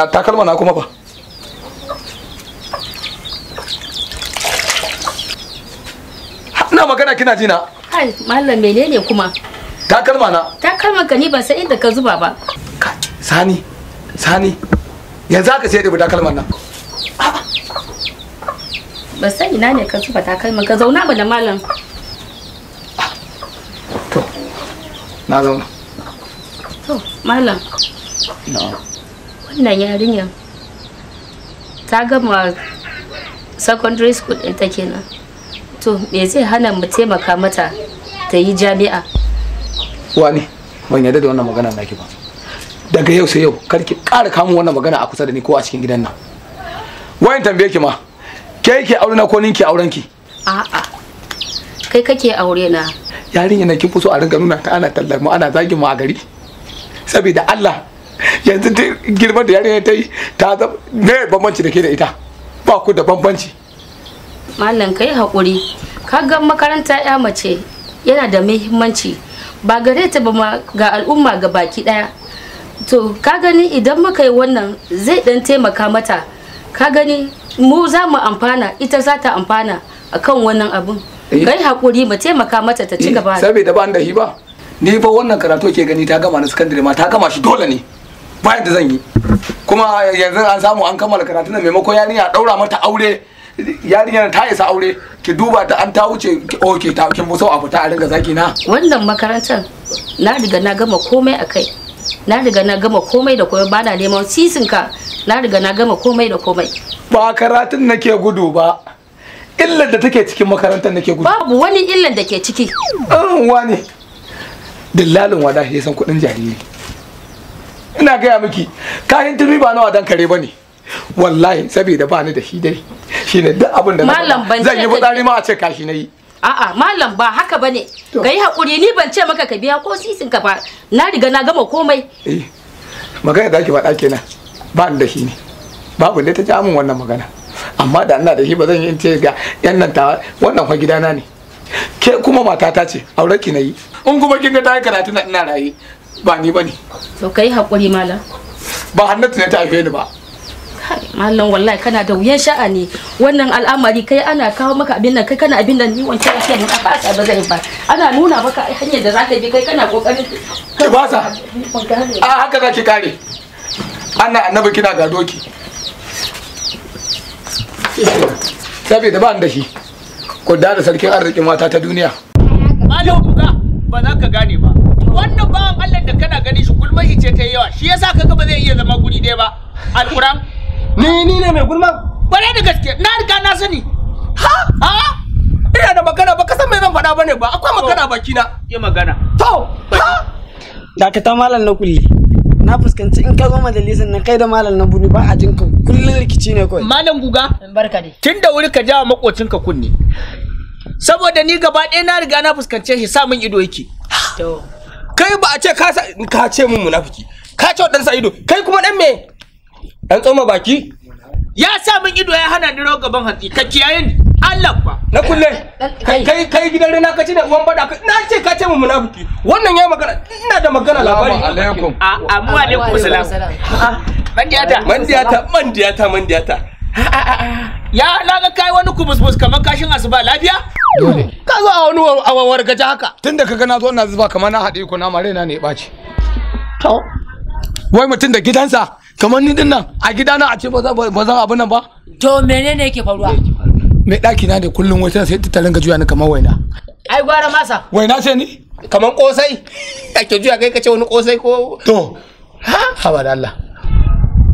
na takalma na kuma ba na magana kina jina kai mallam menene kuma takalma na takalma ka ni ban sai inda ka zuba ba sani sani yanzu aka sai da takalman nan ba sai ina ne ka zuba takalma ka zauna ba da mallam to na zauna to malam na'am wannan yarinyar ta gama secondary school ta kenan to me zai hana mu taimaka mata ta yi jami'a wani ban yarda da wannan magana naki ba daga yau sai yau kar ki ƙara kamun wannan magana a kusa da ni ko a cikin gidan nan wayan tambaye ki ma ke yake aure na ko ninki auren ki a'a kai kake aure na yarinya na kin fi so a ringa nuna ka ana tallar mu ana zagin mu a gari saboda Allah yanzu ta girman da yarinya ta yi ta zama me bambanci da ke da ita ba ku da bambanci mallam kai hakuri ka ga makaranta ya mace yana da muhimmanci ba gare ta ba ga al'umma ga baki daya to ka gani idan muka yi wannan zai dan taimaka mata ka gani mu za mu amfana ita za ta amfana akan wannan abin eh. kai hakuri mu taimaka mata ta ci eh, gaba saboda ba da hiba ni fa wannan karatu ke gani ta gama na sakandare ma ta gama shi dole ne ba yadda zan yi kuma yanzu an samu an kammala karatun nan maimakon yarinya daura mata aure yarinya ta isa aure ki duba ta an ta wuce oke ta kin so a fita a ringa zaki na wannan makarantar na riga na gama komai akai na riga na gama komai da komai bana neman sisin ka na riga na gama komai da komai ba karatun nake gudu ba illar da take cikin makarantar nake gudu babu wani illar da ke ciki an ah, wani dillalin wada ya san kudin jariri ina gaya miki kayan turmi ba nawa dan kare bane wallahi saboda ba ni da shi dai shine duk abin da zan yi fitsari ma a ce kashi na yi a'a malam ba haka bane kai hakuri ni ban ce maka ka biya ko sisin ka ba na riga na gama komai eh, magana da ake faɗa kenan ba ni da shi ne babu ne ta ja min wannan magana amma da ina da shi ba zan yi in ce ga yan nan ta wannan fa gidana ne ke kuma matata ce aure ki nayi yi in kuma kin ga ta yi karatu na ina raye ba ni bane to kai hakuri malam ba hannatu ne ta haife ni ba mallam wallahi kana da wuyan sha'ani wannan al'amari kai ana kawo maka abin nan kai kana abin nan ni wancan lafiya ne ba sa ba zai ba ana nuna maka hanyar da zaka bi kai kana kokarin ki ba sa a haka ki kare ana annabi kina ga doki saboda ba da shi ko da sarkin arzikin mata ta duniya malam ba za ka gane ba wannan bawan Allah da kana gani shi gulma ce ta yawa shi yasa kaga ba zai iya zama guri dai ba alquran ni ni ne mai gulma bare da gaske na riga na sani ha ha ina da magana ba kasan mai zan faɗa bane ba akwai magana baki na ya magana to ta malam na kulle na fuskanci in ka zo majalisar nan kai da malam na buni ba a jin ka kullun rikici ne kawai malam guga barka dai tun da wuri ka jawa makocin ka kunne saboda ni gaba ɗaya na riga na fuskance shi sa min ido yake to kai ba a ce ka ka ce mun munafiki ka ce dan sa ido kai kuma dan me dan tsoma baki ya sa min ido ya hana ni roga gaban hatsi ka kiyaye ni Allah ba na kulle kai kai gidan rana ka ci da uwan bada na ce ka ce mun munafiki wannan ya magana ina da magana labari alaikum amma alaikum salam ah, mandiyata mandiyata mandiyata mandiyata ah, ah, ya na ga kai wani kubus kamar kashin asuba lafiya dole ka zo a wani awawar gaji haka da kaga na zo na zuba kamar na haɗe ku na mare na ne ɓaci to wai mutum da gidansa kamar ni dinnan a gidana a ce ba zan abu nan ba to menene yake faruwa mai ɗaki na da kullum wai sai ta ringa juya ni kamar waina ai gwara masa waina ce ni kamar kosai ake juya kai ce wani kosai ko to ha haba da Allah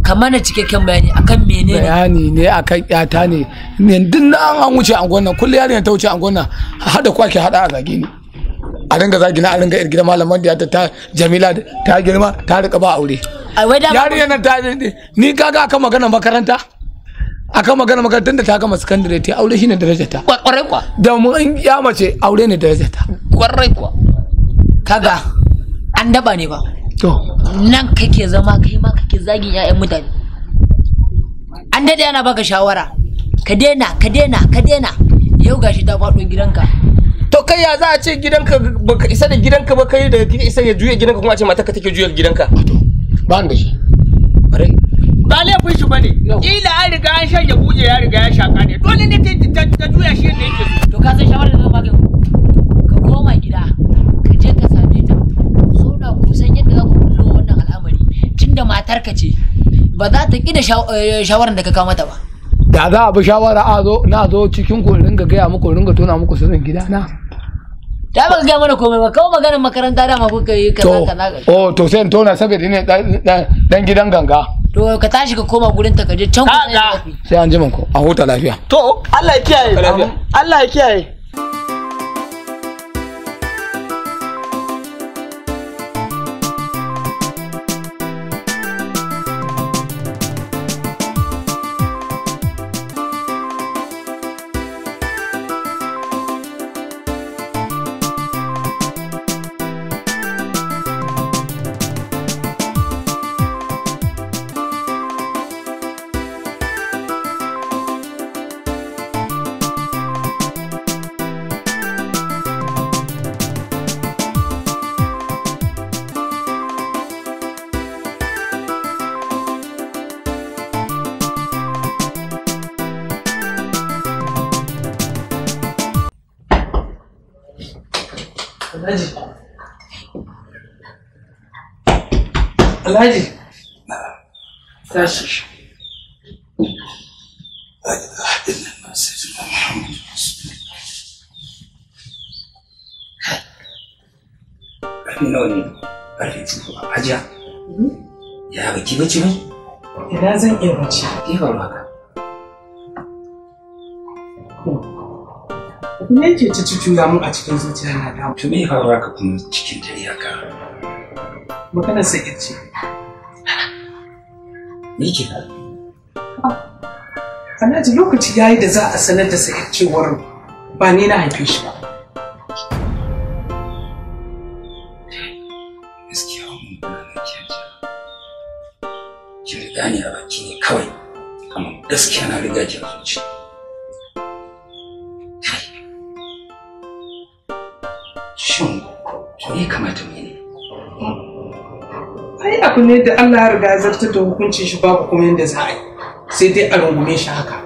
kamar na cikakken bayani akan menene bayani ne akan yata ne ne duk na an an wuce an nan kullu yarinya ta wuce an nan hada kwake hada a zage ne a ringa zagi na a ringa irgida malaman da ta Jamila ta girma ta rika ba aure yarinya nan ta ni kaga akan magana makaranta akan magana makaranta da ta gama sakandare ta aure shine darajar ta kwarai kwa da mun ya mace aure ne darajar ta kwarai kwa kaga an daba ne ba To. nan kake zama kai ma kake zagin 'ya'yan mutane an daɗe ana baka shawara ka daina ka daina ka daina yau gashi ta faɗo gidanka to kai ya za a ce gidanka baka isa da gidanka ba kai da kika isa ya juya gidanka kuma a ce matarka take juya gidanka ba da shi bare ba laifin shi bane kila an riga an shanya buje ya riga ya shaka ne dole ne ta juya shi yadda yake to ka san shawara da zan baka da ka ce ba za ta ƙi da eh, shawarar da ka kawo mata ba da za a bi shawara a zo na zo cikin ku ringa gaya muku ringa tona muku sirrin gida na da ba ga mana komai ba kawo maganar makaranta da ma kuka yi kaza kaza oh to sai in tona saboda ne dan gidan ganga to ka tashi ka koma gurin ta kaje can ku sai an ji ko a huta lafiya to Allah ya kiyaye Allah ya kiyaye Alhaji. Tashi. Ƙarfi nawa ne? Ƙarfi tuku a Ya baki bace ne? Ina zan iya bace. Ki faru haka. Me yake ta cucula mun a cikin zuciya na damu? To me ya faru kuma cikin ta iyaka? magana sakit ce me ke ka ah, Alhaji lokaci ya yi da za a sanar da sakit cewar ba ni na haife shi ba. Gaskiya na riga ni a ki a zuci. Shin, to ya kamata mu ai abu ne da Allah ya riga zartar da hukuncin shi babu kuma yadda za a yi sai dai a rungume shi haka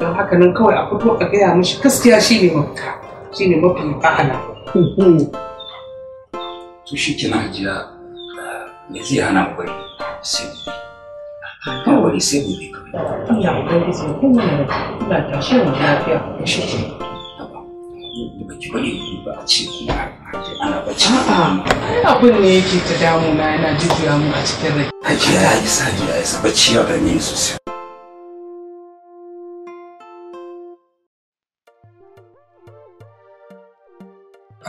don haka nan kawai a fito a gaya mishi gaskiya shi ne mafita shi ne mafi a'ala to shi kina hajiya me zai hana bari sai wani sai gobe kawai Allah ya kai ki sai kuma ina tashi lafiya shi ke da baki bari ku ba a ce kuma ana bacci a'a ai abin ne yake ta damu na yana jujjuya mu a cikin rai hajiya ya isa hajiya ya isa bacci ya dame ni sosai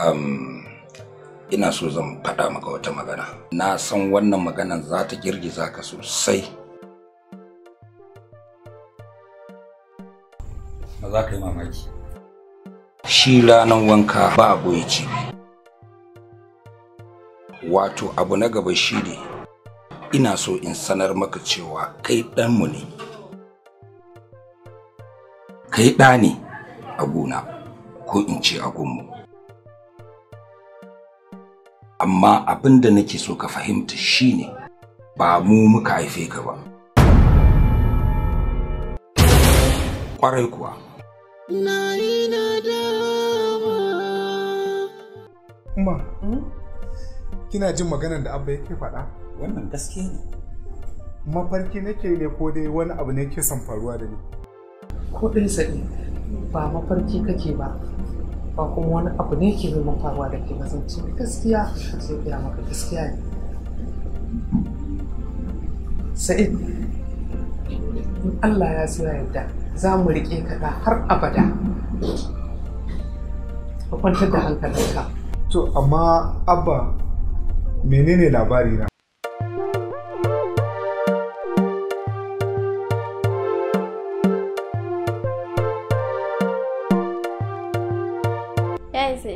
Um, ina so zan faɗa maka wata magana na san wannan maganan za ta girgiza ka sosai ba za ka yi mamaki shi ranar wanka ba abu yake wato abu na gaba shi ne ina so in sanar maka cewa kai ɗanmu ne kai ɗa ne a gona ko in ce a gunmu amma abin da nake so ka fahimta shi ne ba mu muka haife ka ba Kwarai kuwa na yi Kuma, hmm? kina jin maganar da abba yake faɗa? Wannan gaske ne. Mafarki nake ne ko dai wani abu ne ke son faruwa da ni. Ko ɗaya sa'i ba mafarki kake ba, ba kuma wani abu ne ke neman faruwa da ke mazanci gaskiya sai biya maka gaskiya ne. Sa'id, in Allah ya so yadda. za mu riƙe ka da har abada ka kwantar da hankalinka to amma abba menene labari na ya isa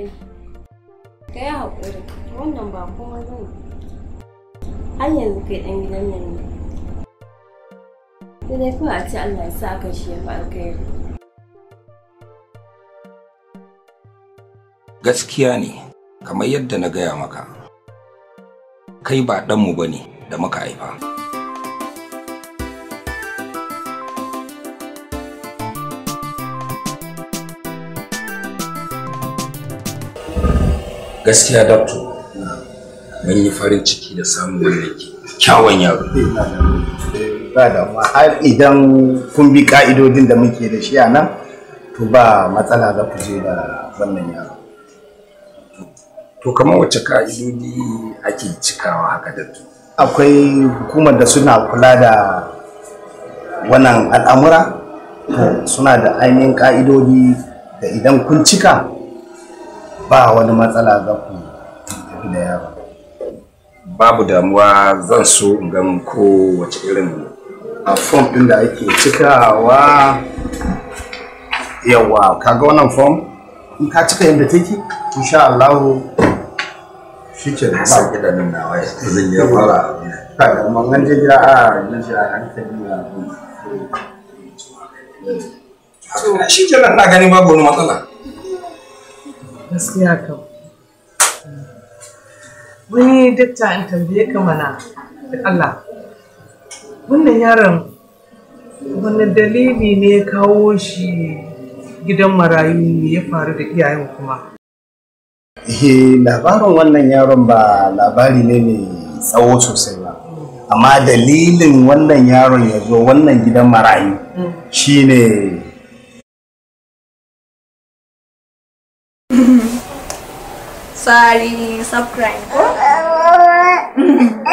ka yi haƙuri wannan ba kuma zan har yanzu kai ɗan gidan nan ne sai dai Allah ya sa shi gaskiya ne kamar yadda na gaya maka kai ba ɗanmu ba ne da muka haifa gaskiya dabto mun yi farin ciki da samun wannan kyawun yaro ba har idan kun bi ka'idodin da muke da shi a nan to ba matsala za ku je da wannan yaro to kamar wacce ka'idodi ake cikawa haka da akwai hukumar da suna kula da wannan al'amura suna da ainihin ka'idodi da idan kun cika ba wani matsala za ku tafi da yaro babu damuwa zan so in ga ko wace irin a form din da ake cikawa yawa kaga wannan form in ka cika yadda take insha Allah shi ke da ba gida nan na waya zan yi fara kaga amma an je gida a nan shi a hankali na shi ke nan na gani babu wani matsala gaskiya ka wani dukkan tambaye ka mana da Allah wannan yaron wani dalili ne ya kawo shi gidan marayu ya faru da iyayen kuma eh, labarin wannan yaron ba labari ne mai tsawo sosai ba amma dalilin wannan yaron ya zo wannan gidan marayu hmm. shine sorry subscribe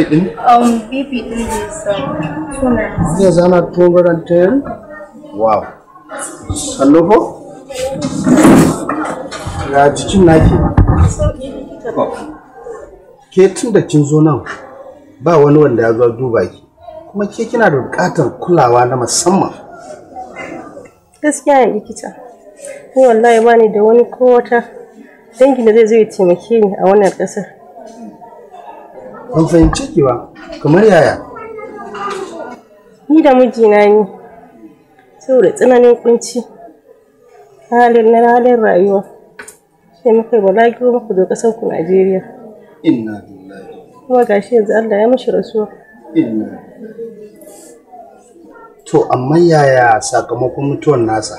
BP din? Um, BP din is um, Yes, I'm at 210. Wow. Hello, ko? Ga jikin naki. Ke tun da kin zo nan ba wani wanda ya zo duba ki. Kuma ke kina da buƙatar kulawa na musamman. Gaskiya ya likita. Ni wallahi ba ni da wani ko wata dangi da zai zo ya taimake ni a wannan ƙasar. kun fahimci ki ba kamar yaya ni da mijina ne saboda tsananin kunci halin na halin rayuwa sai muka yi balagiro muka zo ƙasar ku Najeriya inna lillahi kuma gashi yanzu Allah ya mishi rasuwa inna to amma yaya sakamakon mutuwar nasa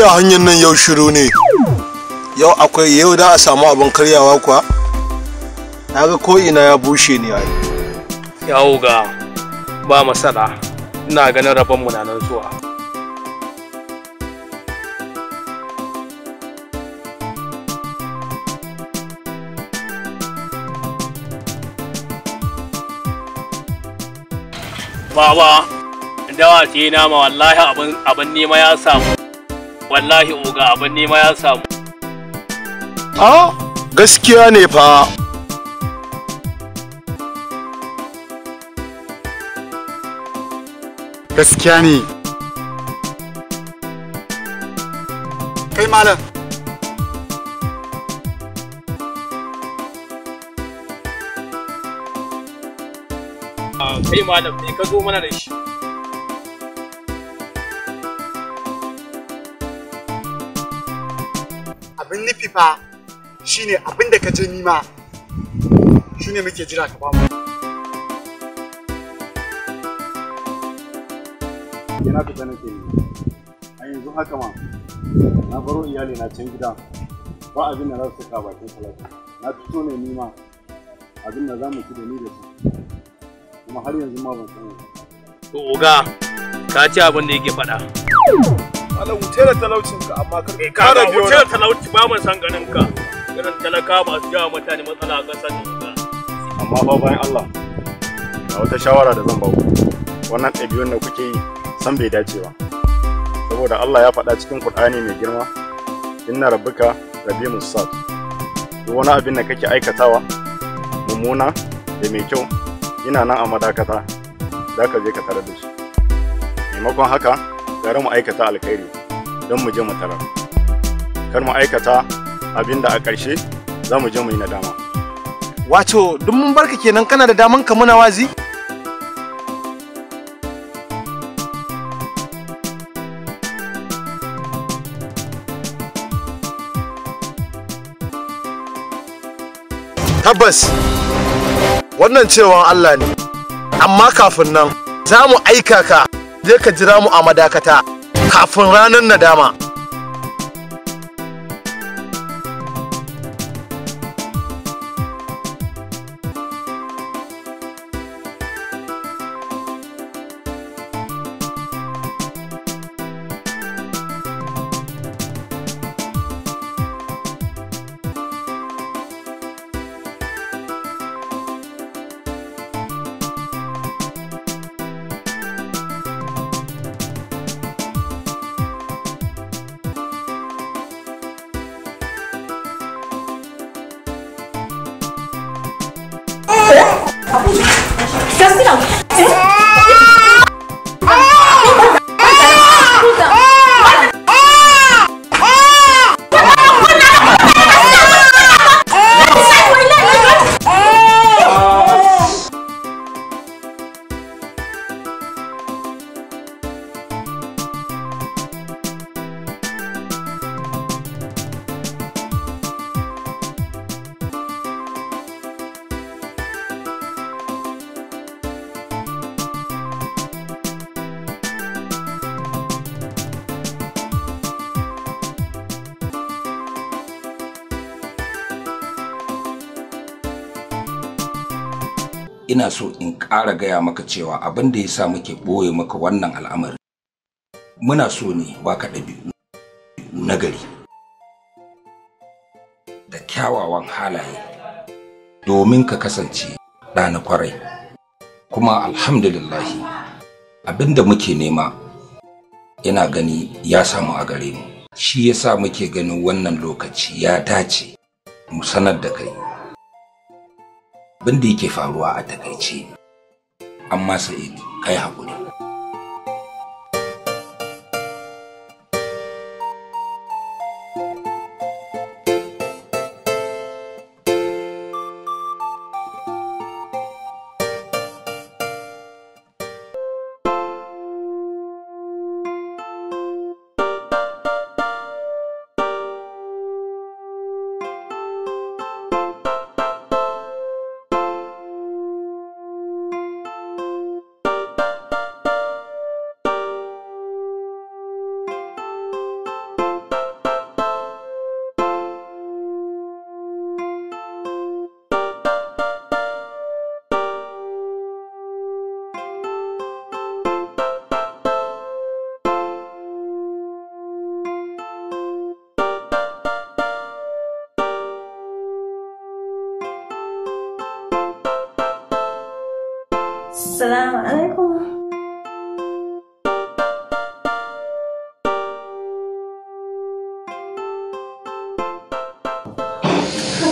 a hanyar nan yau shiru ne yau akwai yau da a samu abin karyawa kuwa na ga ko'ina ya bushe ne a yawo ga ba masara ina ganin rabon munanan zuwa Baba, dawa ce nama wallahi abin nema ya samu. wallahi oga abin nema ya samu a gaskiya ne fa gaskiya ne kai malam ah, kai malam ne ka zo mana da shi nufi fa shine abin da ka je nima shine muke jira ka ba mu yana fita nake yi a yanzu haka ma na baro iyali na can gida ba abin da za su ka bakin talaka na fito ne nima abin da za mu ci da ni da su kuma har yanzu ma ban san to oga ka ci abin da yake faɗa Allah wuce da talaucin eh, ka amma ka kai kara biyo. Wuce da talauci ba mu san ganin ka. Irin talaka su jawo mutane matsala a ƙasar Nijar. Amma ba bayan Allah. Ga wata shawara da zan ba ku. Wannan ɗabi'un da kuke yi san bai dace ba. Saboda Allah ya faɗa cikin Kur'ani mai girma. Inna rabbuka rabi musad. Duk wani abin da kake aikatawa mummuna da mai kyau ina nan a madakata za ka je ka tare da su. Maimakon haka bari mu aikata alkhairi don mu je mu tarar kar mu aikata abinda a ƙarshe za mu je mu yi nadama wato duk mun barka kenan kana da daman ka muna wazi tabbas wannan cewa Allah ne amma kafin nan za mu aika ka je ka jira mu a madakata kafin ranar nadama. 干死掉！ina so in ƙara gaya maka cewa abin da ya sa muke ɓoye maka wannan al'amari muna so ne baka ɗabi'u na gari da kyawawan halaye domin ka kasance na kwarai kuma alhamdulillahi abin da muke nema yana gani ya samu a gare mu shi yasa muke ganin wannan lokaci ya dace mu sanar da kai abin da yake faruwa a takaice amma sa'id kai haƙuri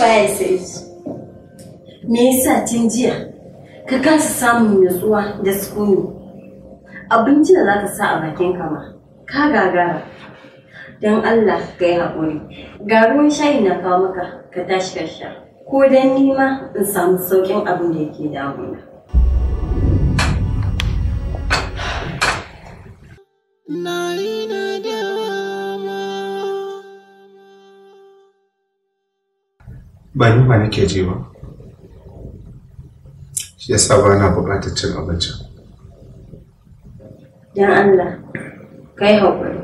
baya sai me yasa tun jiya ka kasa samun nutsuwa da sukuni abinci da zaka sa a bakin kama ma ka gagara don Allah ka yi haƙuri ga ruwan shayi na kawo maka ka tashi ka sha ko don nima in samu sauƙin abin da yake damuna. Na ba ni ma nake ji ba shi yasa ba na buƙatar cin abinci. don Allah ka yi haƙuri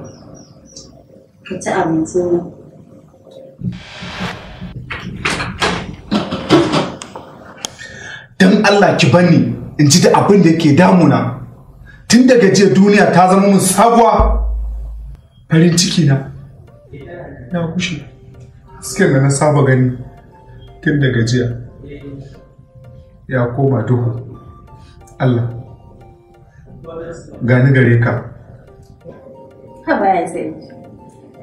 ka ci abinci ne don Allah ki bani in ji da abin da yake damuna tun daga jiya duniya ta zama min sabuwa farin ciki na na kushe suke da na saba gani tun daga jiya ya koma duhu Allah gani gare ka ha baya zai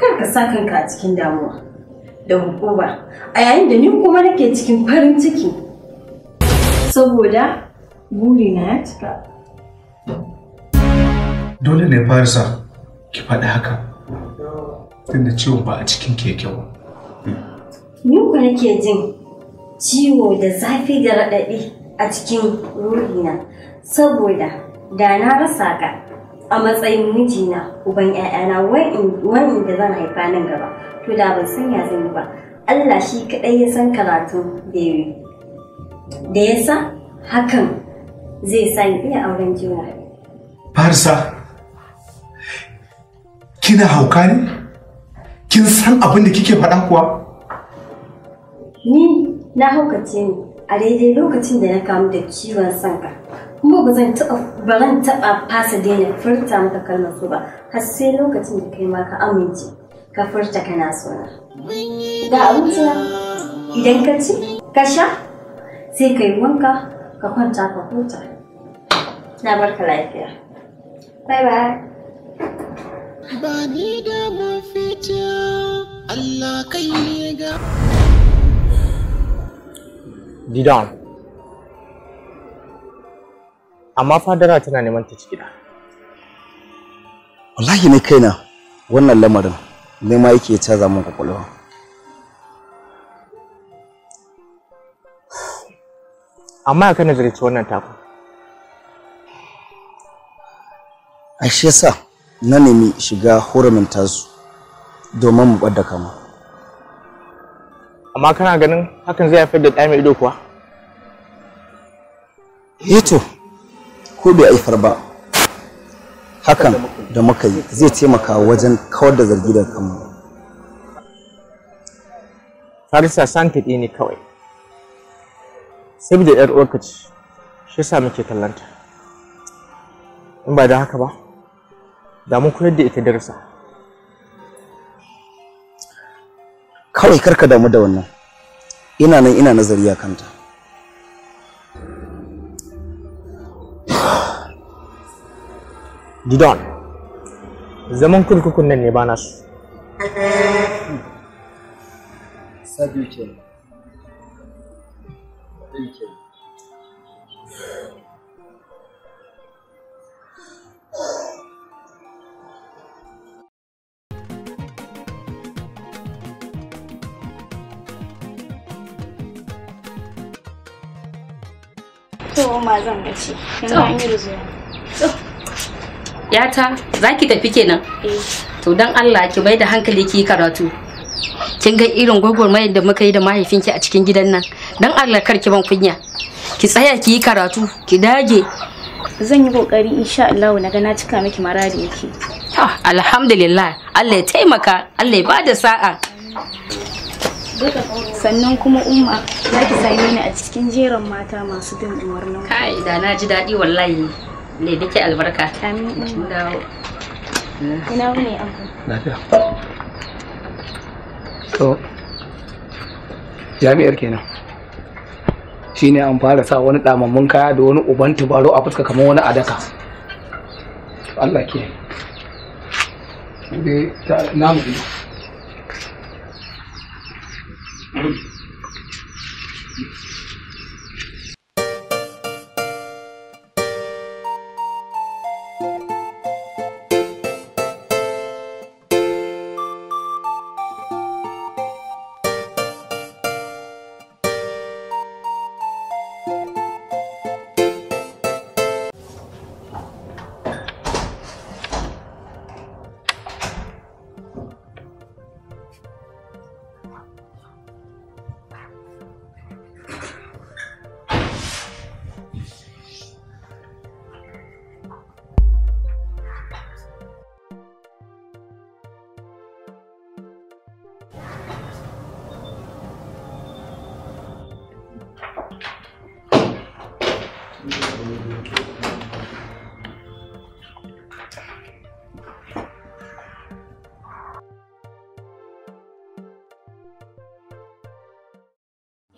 kar ka sa kanka a cikin damuwa da hukuma a yayin da ni kuma nake cikin farin ciki saboda burina ya cika dole ne farisa ki faɗi haka tunda ciwon ba a cikin keke ba ni kuma nake jin ciwo da zafi da raɗaɗi a cikin ruhina saboda da na rasa ka a matsayin mijina uban 'ya'yana wani da zan haifa nan gaba to da ban san ya zan ba Allah shi kaɗai ya san karatun da ya da ya hakan zai sa ni iya auren juna farsa kina hauka ne kin san abin da kike faɗa kuwa ni na haukace ni a daidai lokacin da na kamu da ciwon sanka kuma ba zan taɓa ba zan taɓa fasa daina furta maka kalmar so ba har sai lokacin da kai ma ka amince ka furta kana sona ga abinci idan ka ci ka sha sai ka yi wanka ka kwanta ka huta na barka lafiya bye bye ba ni da mafita Allah kai ne ga gidan amma fadara tana neman ta ci gida wallahi ne kaina wannan lamarin ne ma yake canza min kwakwalwa amma ya kana zarce wannan taku ashe sa na nemi shiga hurumin tasu domin mu ɓadda kama amma kana ganin hakan zai haifar da ɗaya mai ido kuwa eh to ko bai aifar ba hakan da muka yi zai taimaka wajen kawar da zargi daga kanmu farisa ɗi ne kawai Sabida yar uwarka ce shi sa muke kallanta in ba da haka ba Damu mun koyar da ita darasa kawai karka damu da wannan ina nan ina nazari a kanta didon zaman kurkukun nan ne ba na su sabi ke ke yata za ki tafi kenan eh. to dan Allah ki mai da hankali ki karatu kin ga irin gwagwarmayar da muka yi da mahaifinki a cikin gidan nan dan Allah kar ki ban kunya ki tsaya ki yi karatu ki dage zan yi kokari insha Allah na ga na cika miki maradi yake alhamdulillah Allah ya taimaka Allah ya bada sa'a sannan kuma umma za ki same ni a cikin jerin mata masu bin umarnin kai da na ji daɗi wallahi ne dake albarka amin ina ne lafiya to jami'ar kenan shine an fara sa wani damammun kaya da wani uban tubaro a fuska kamar wani adaka Allah ke namu ido Thank you.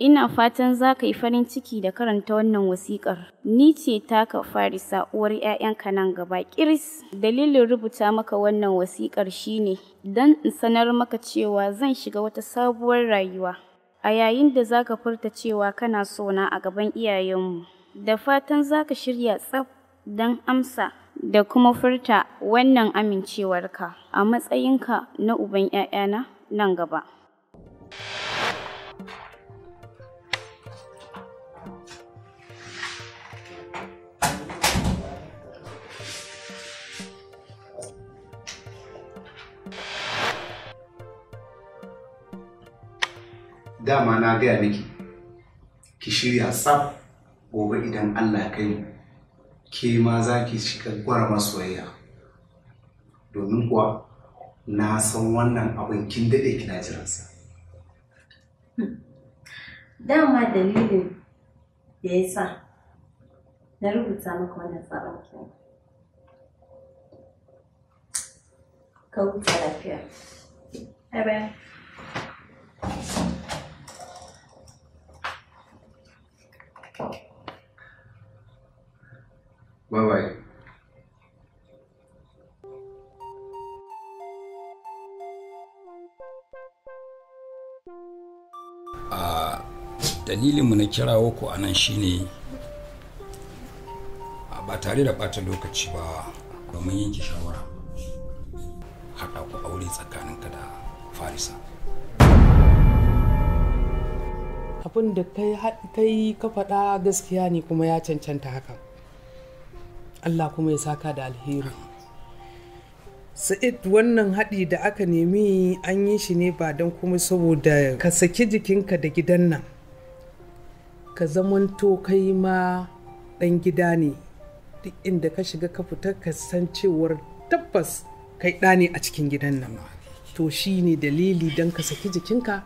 Ina fatan za ka yi farin ciki da karanta wannan wasikar. Ni ce taka Farisa uwar ‘ya'yanka nan gaba ƙiris. Dalilin rubuta maka wannan wasiƙar ne. don in sanar maka cewa zan shiga wata sabuwar rayuwa. A yayin da za ka furta cewa kana sona a gaban iyayenmu, da fatan za ka shirya tsaf don amsa da kuma furta wannan amincewarka a matsayinka na uban ‘ya'yana nan gaba. dama na gaya miki ki shirya tsaf gobe idan Allah ya kai ke ma za ki shiga gwarama soyayya domin kuwa na san wannan abin kin daɗe kina jiransa. Dama dalilin da ya sa na rubuta maka wannan tsaron Ka huta lafiya. Bye bye. Bye bye. dalilinmu na kirawo ku a nan shine ba tare da bata lokaci ba domin yanke shawara haɗa ku aure tsakaninka da farisa. abin da kai ka faɗa gaskiya ne kuma ya cancanta hakan Allah kuma ya saka da alheri sa'id wannan haɗi da aka nemi an yi shi ne ba don kuma saboda ka saki jikinka da gidan nan ka zamanto kai ma ɗan gida ne duk inda ka shiga ka fita ka san cewar tabbas kai ɗa ne a cikin gidan nan to shi ne dalili don ka saki jikinka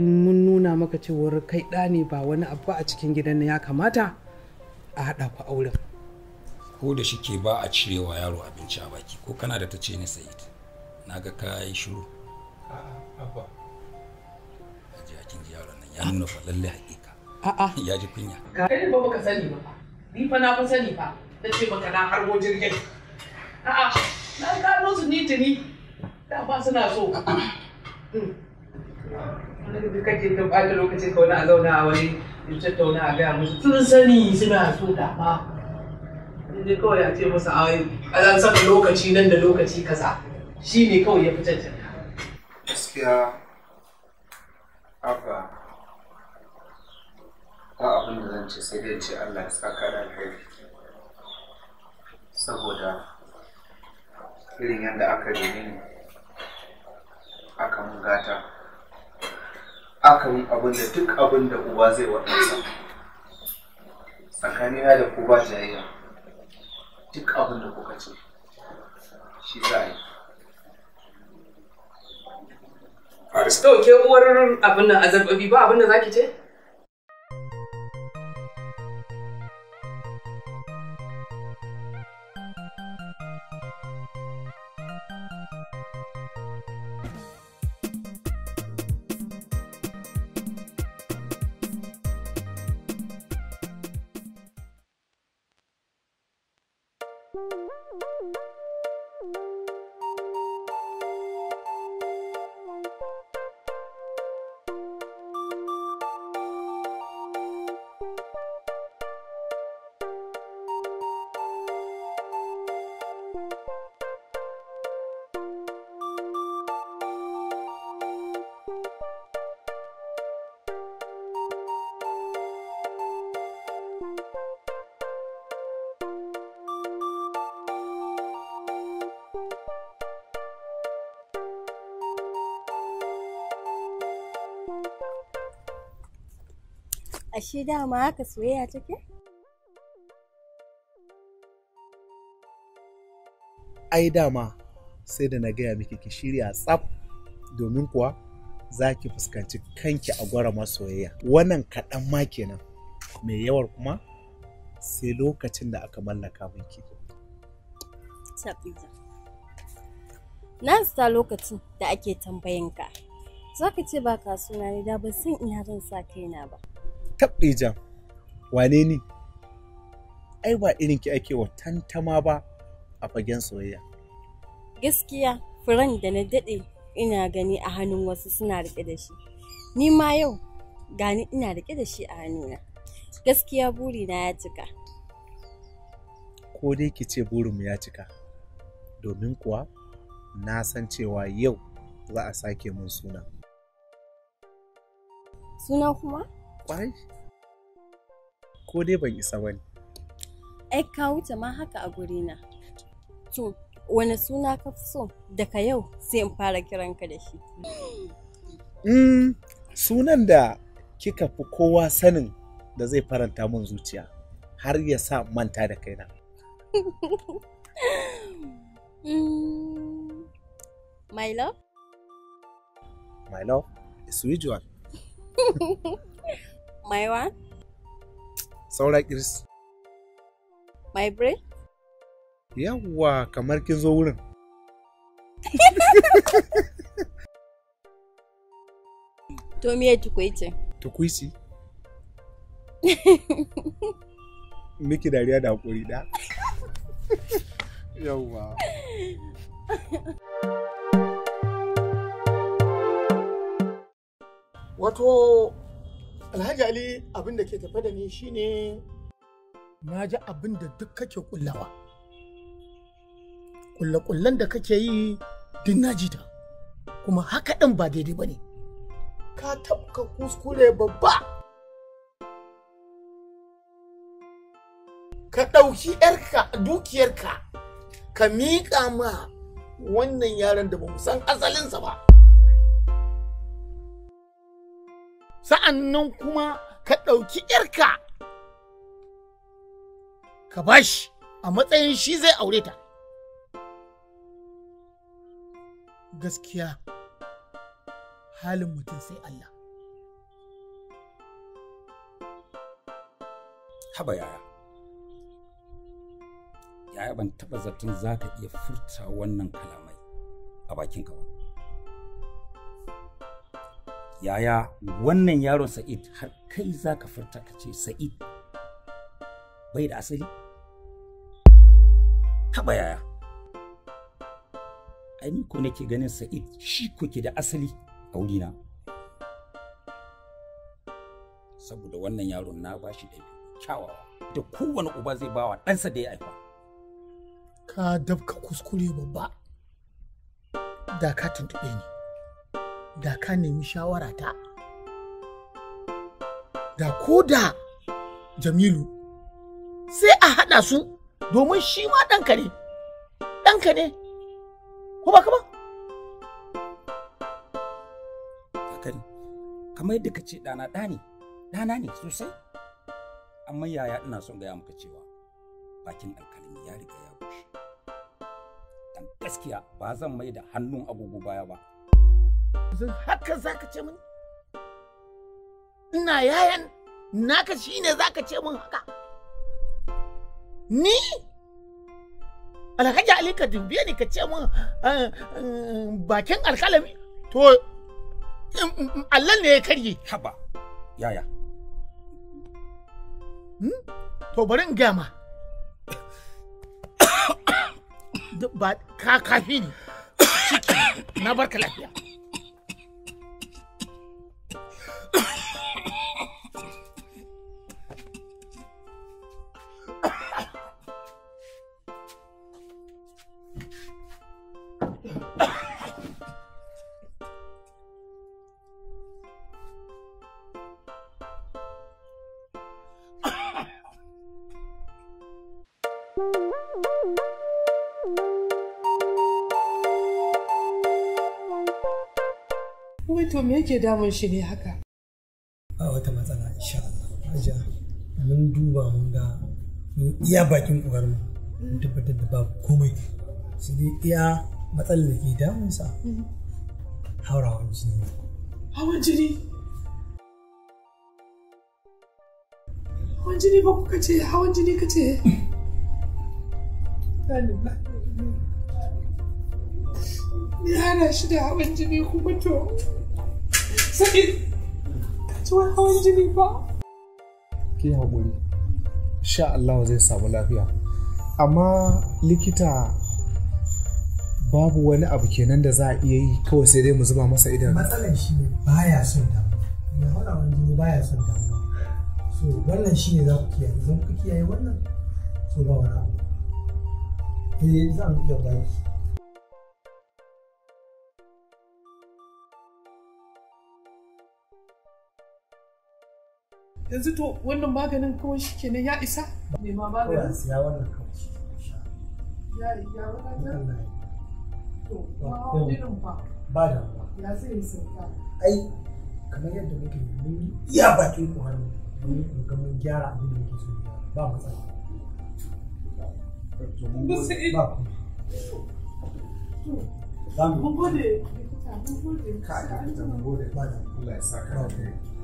mun nuna maka cewar kai ɗa ne ba wani abu a cikin gidan nan ya kamata a haɗa ku auren ko da shike ba a cirewa yaro abinci a baki ko kana da ta ce ni sayid na ga ka yi shiru a'a ji a kin ji yaron nan ya nuna fa lalle hakika a'a ya ji kunya kai ba baka sani ba ni fa na fa sani fa ta ce maka na harbo jirgin a'a na gano su ni tuni da ba suna so hmm. wani da kake ta ɓata lokacin ka wani a zauna a wani ya tattauna a gaya musu sun sani suna so da ba dai kawai a ce musu a an saka lokaci nan da lokaci kaza shi ne kawai ya fi cancanta gaskiya abba ba abin da zan ce sai dai ce Allah ya saka da alheri saboda irin yadda aka rene ni aka mugata. akan abin da duk abin da uba zai waɗansa tsakanina da ku ba jayayya duk abin da kuka ce shi za a yi Ɗauke uwar abin nan azarbabi ba abin da za ki ce? ashe dama haka soyayya take? Ai dama sai da na gaya miki ki shirya tsaf domin kuwa za ki fuskanci kanki a gwarama soyayya. Wannan kaɗan ma kenan mai yawar kuma sai lokacin da aka mallaka miki. Na sa lokacin da ake tambayinka. Za ka ce ba ka suna ne da ba san ina zan sa kaina ba. taɓe jam wane ni ai ba irin ki ake wa tantama ba a fagen soyayya gaskiya furen da na daɗe ina gani a hannun wasu suna riƙe da shi ni ma yau gani ina riƙe da shi a hannuna gaskiya burina ya cika ko dai ki ce burinmu ya cika domin kuwa na san cewa yau za a sake mun suna suna kuma Kwarai? Ko dai ban isa ba ne. Ai, ka wuce ma haka a gurina. To, wani suna ka so daga yau sai in fara kiran ka da shi. Mm, sunan da kika fi kowa sanin da zai faranta mun zuciya har ya sa manta da kaina. Hmm, my love? My love is usual. My one? Saura Kiris. My brain? Yawwa kamar kin zo wurin. To miye tukwici? Tukwici? Miki dariya da haƙuri da? Yawwa. Wato Alhaji Ali abin da ke tafe da ni shine na ji abin da duk kake kullawa. Kulle-kullen da kake yi duk na ji ta, kuma haka ɗin ba daidai ba ne. Ka tabka kuskure babba. Ka ɗauki ‘yarka dukiyarka, ka miƙa ma wannan yaron da ba mu san asalinsa ba. sa'an nan kuma ka ɗauki ‘yarka ka bashi a matsayin shi zai aure ta gaskiya halin mutum sai Allah haba yaya yaya ban taɓa zaton za ka iya furta wannan kalamai a bakinka ba yaya wannan yaron sa'id har kai za ka furta ka ce sa'id bai da asali taba yaya ai ni ko nake ganin sa'id shi kuke da asali a wurina saboda wannan yaron na ba shi da kyawawa da kowane uba zai bawa ɗansa da ya haifa ka dabka kuskure babba da ka tuntube ni da ka nemi shawarata da ko da jamilu sai a haɗa su domin shi ma ɗanka ne ɗanka ne ko ba ka kamar yadda ka ce ɗana ɗana ne sosai amma yaya ina son gaya maka cewa bakin alkalami ya riga ya bushe dan gaskiya ba zan mai da hannun agogo baya ba haka za ka ce mini ina yayan naka shi ne za ka ce min haka ni alhaji ali ka dubbe ni ka ce min eh, eh, bakin alkalami to allah ne ya karye haba yaya hmm? to bari in gama ba ka kafi ne na barka lafiya to me yake damun shi ne haka ba wata matsala insha Allah aja mun duba mun ga mun iya bakin mu mun tabbatar da babu komai su dai iya matsalar da ke damunsa mm-hmm. haurawan jini hawan jini hawan jini ba kuka ce hawan jini ka ce hana shi da hawan jini kuma to sai haƙuri sha Allah zai samu lafiya amma likita babu wani abu kenan da za a iya yi kawai sai dai mu zuba masa idan matsalar shi ne baya son damuwa mai hawan jini baya son damuwa so wannan shi ne za ku kiyaye zan ku kiyaye wannan so ba wani abu eh mu iya baki yanzu to wannan maganin kawai shi kenan ya isa ne ma maganin ya wannan kawai shi ya yi ya wadatar to ba irin ba ba da ba ya sai yi sauka ai kamar yadda muke mun iya bakin ku har mun ga mun gyara abin da muke so ba matsala ba ku za mu gode mun gode ka mun gode ba da Allah ya saka ka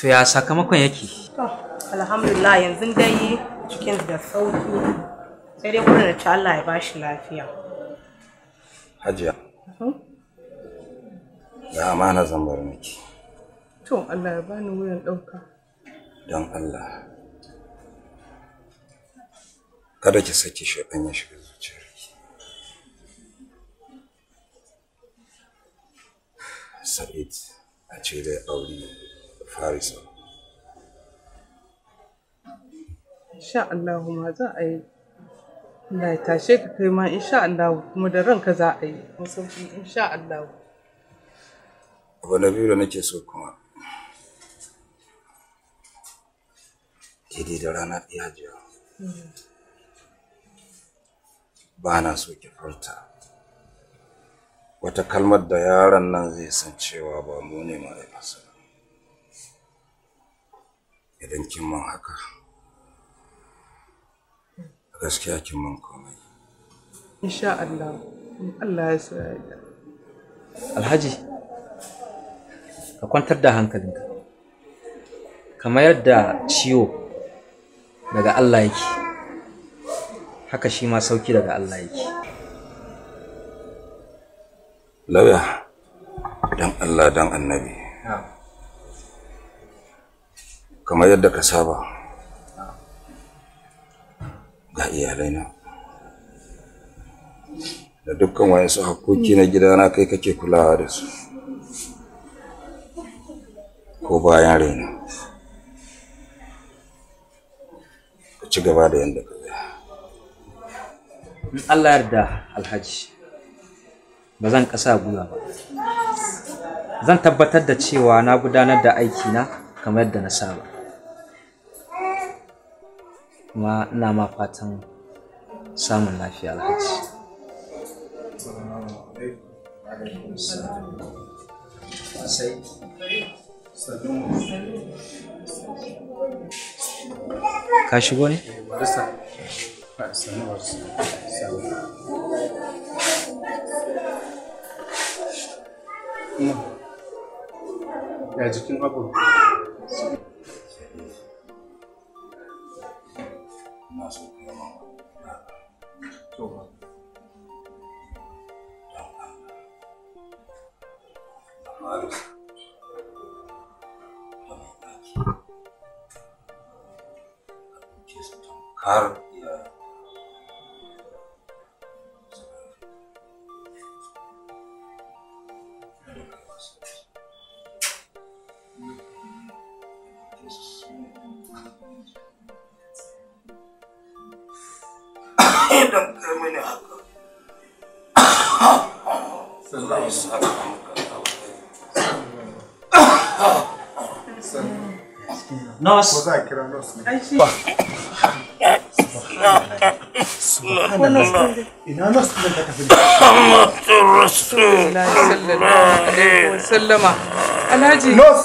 To ya sakamakon yake? To, alhamdulillah yanzu dai cikin da sauki sai dai kuna da ci Allah ya bashi lafiya. Hajiya. Ga mhm. amana zan miki. To, Allah ya bani wuyan ɗauka. Don Allah. Kada ki saki shaɗan ya shiga zuciyarki. Sa'id, a ce dai aure harisa insha Allah ma za a yi Na yi tashe ka kai ma insha Allah kuma da ranka za a yi masauki insha Allah abu na biyu da nake so kuma kidi da rana ɗaya jiya ba na so ki furta wata kalmar da yaron nan zai san cewa ba mu ne mahaifinsa idan kin mun haka gaskiya kin mun komai insha Allah Allah ya sa Alhaji ka kwantar da hankalinka kamar yadda ciwo daga Allah yake haka shi ma sauki daga Allah yake lauya dan Allah dan annabi kamar yadda ka saba ga iyalaina da dukkan wayansu hakoki na gidana kai kake kulawa da su ko bayan raina ka ci gaba da yadda ka in Allah yarda alhaji ba zan ƙasa guda ba zan tabbatar da cewa na gudanar da aikina kamar yadda na saba kuma ina ma fatan samun lafiya alhaji ka shigo ne? ya jikin abubuwa ina nas din ka tafi Muhammadu Rasulullahi alaihi sallama Alhaji nas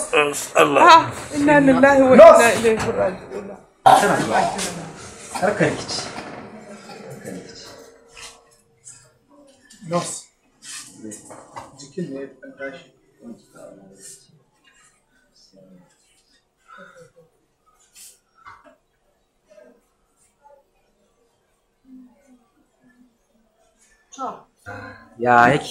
Яа яг